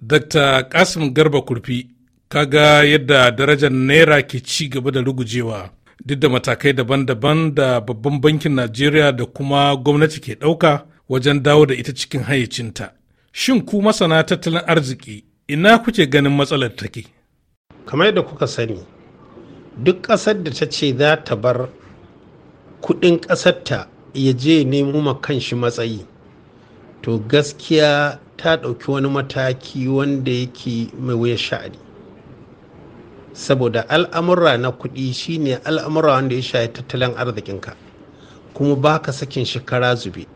Dr. Kasim Garba Kurfi, kaga yadda darajar Naira ke ci gaba da rugujewa duk da matakai daban-daban da babban bankin Najeriya da kuma gwamnati ke ɗauka wajen dawo da ita cikin hayyacinta. Shin ku masana tattalin arziki ina kuke ganin matsalar take? Kamar da kuka sani, duk ƙasar da ta ce za ta bar kuɗin ƙasarta ya je nemo ma kanshi matsayi. to gaskiya ta ɗauki wani mataki wanda yake mai wuya sha'ani saboda al'amura na kuɗi shine al'amura wanda ya shaye tattalin arzikinka kuma ba ka sakin shekara zube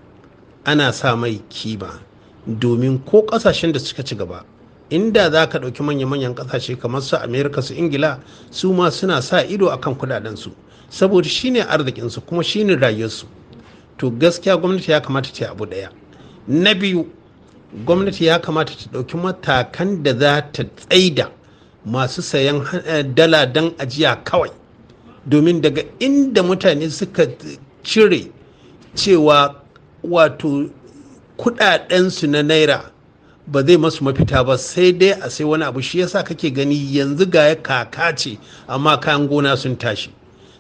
ana sa mai kima domin ko ƙasashen da suka ci gaba inda za ka ɗauki manya-manyan ƙasashe kamar su amerika su ingila su ma suna sa ido a akan kuɗaɗensu saboda shine arzikinsu kuma shine rayuwarsu to gaskiya gwamnati ya kamata ta abu ɗaya na biyu gwamnati ya kamata ta ɗauki matakan da za ta tsaida masu sayan eh, dala don ajiya kawai domin daga inda mutane suka cire cewa wato kudadensu na naira ba zai masu mafita ba sai dai a sai wani abu shi yasa kake gani yanzu ga kaka ce amma kayan gona sun tashi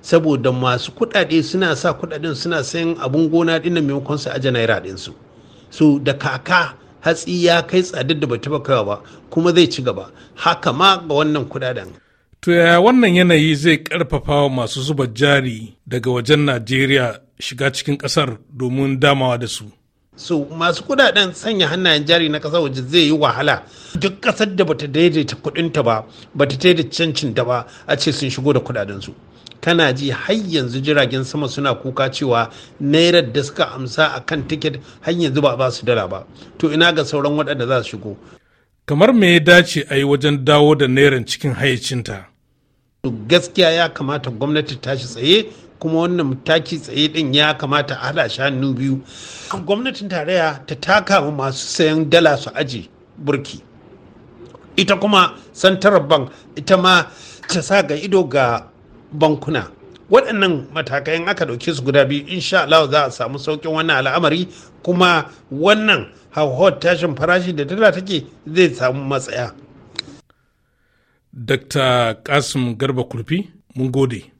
saboda masu kudade suna sa kudaden suna sayan abun gona dinnan maimakon su aje naira dinsu su da kaka hatsi ya kai tsadar da ba taba ba kuma zai ci gaba haka ma ga wannan kudaden to yaya wannan yanayi zai karfafa wa masu zuba jari daga wajen najeriya shiga cikin kasar domin damawa da su so masu kudaden sanya hannayen jari na kasar waje zai yi wahala duk kasar da bata daidaita kudinta ba bata daidaita cancin ta ba a ce sun shigo da kudadensu tana ji har yanzu jiragen sama suna kuka cewa naira da suka amsa a kan tiket har yanzu ba ba su dala ba to ina ga sauran waɗanda za su shigo kamar me ya dace a yi wajen dawo da nairan cikin hayyacinta gaskiya ya kamata gwamnati tashi tsaye kuma wannan taki tsaye din ya kamata a hada shi hannu biyu gwamnatin tarayya ta taka wa masu sayan dala su aji burki ita kuma santarar bank ita ma ta sa ga ido ga bankuna waɗannan matakai aka ɗauke su guda biyu insha Allah za a samu sauƙin wannan al'amari kuma wannan hauhawar tashin farashi da dala take zai samu matsaya. Dr. Kasim Garba Kurfi, mun gode.